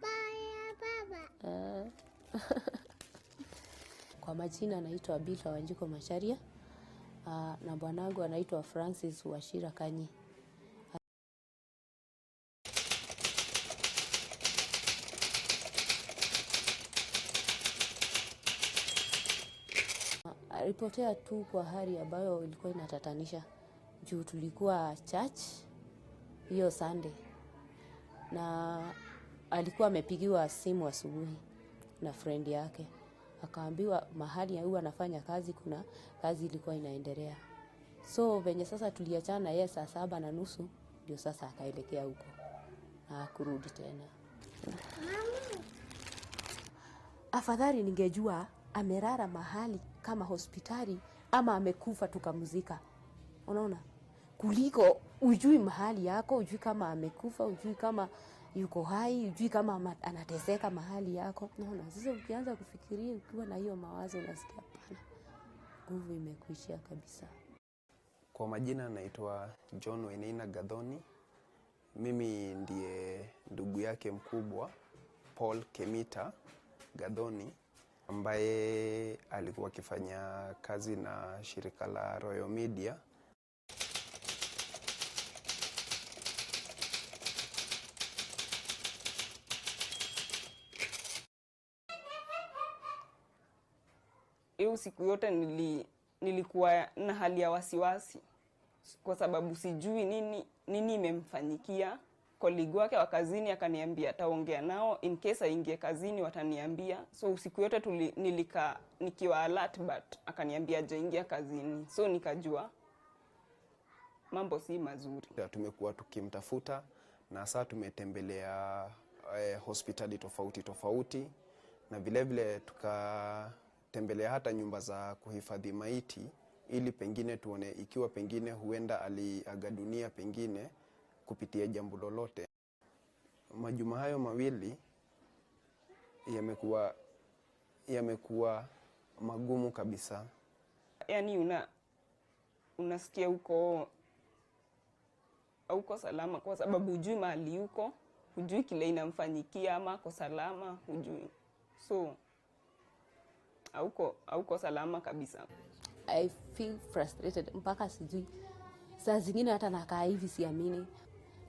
baba. Eh. Kwa majina anaitwa Bita Wanjiko masharia ah, na bwanangu anaitwa Francis Washira Kanyi. Alipotea ah, tu kwa hali ambayo ilikuwa inatatanisha juu tulikuwa church hiyo Sunday na alikuwa amepigiwa simu asubuhi na friend yake, akaambiwa mahali huwa anafanya kazi kuna kazi ilikuwa inaendelea. So venye sasa tuliachana yeye saa saba na nusu ndio sasa akaelekea huko na akurudi tena. Afadhali ningejua amerara mahali kama hospitali ama amekufa tukamzika, unaona, kuliko ujui mahali yako, ujui kama amekufa, ujui kama yuko hai, hujui kama anateseka mahali yako. Naona sasa, ukianza kufikiria ukiwa na hiyo mawazo, unasikia pana nguvu imekuishia kabisa. Kwa majina anaitwa John Wenina gadhoni Mimi ndiye ndugu yake mkubwa Paul Kemita gadhoni ambaye alikuwa akifanya kazi na shirika la Royal Media. hiyo siku yote nili, nilikuwa na hali ya wasiwasi kwa sababu sijui nini nini imemfanyikia. kolegi wake wa kazini akaniambia ataongea nao in case aingie kazini wataniambia. So usiku yote tuli, nilika nikiwa alert but akaniambia hajaingia kazini, so nikajua mambo si mazuri. Tumekuwa tukimtafuta na saa tumetembelea eh, hospitali tofauti tofauti na vilevile tuka kutembelea hata nyumba za kuhifadhi maiti ili pengine tuone ikiwa pengine huenda aliaga dunia pengine kupitia jambo lolote. Majuma hayo mawili yamekuwa yamekuwa magumu kabisa. Yaani una unasikia huko hauko salama, kwa sababu hujui mahali yuko, hujui kile inamfanyikia, ama ako salama, hujui so hauko hauko salama kabisa. I feel frustrated mpaka sijui saa zingine hata nakaa hivi siamini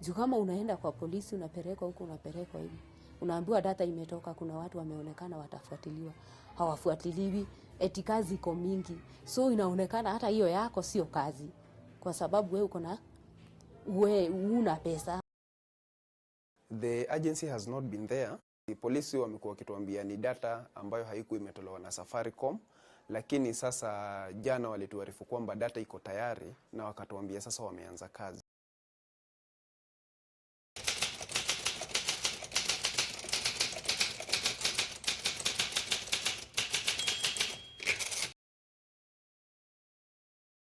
juu kama unaenda kwa polisi unapelekwa huko unapelekwa hivi unaambiwa data imetoka, kuna watu wameonekana, watafuatiliwa, hawafuatiliwi, eti kazi iko mingi, so inaonekana hata hiyo yako sio kazi, kwa sababu wewe uko na we una pesa. The agency has not been there Polisi wamekuwa wakituambia ni data ambayo haikuwa imetolewa na Safaricom, lakini sasa jana walituarifu kwamba data iko tayari na wakatuambia sasa wameanza kazi.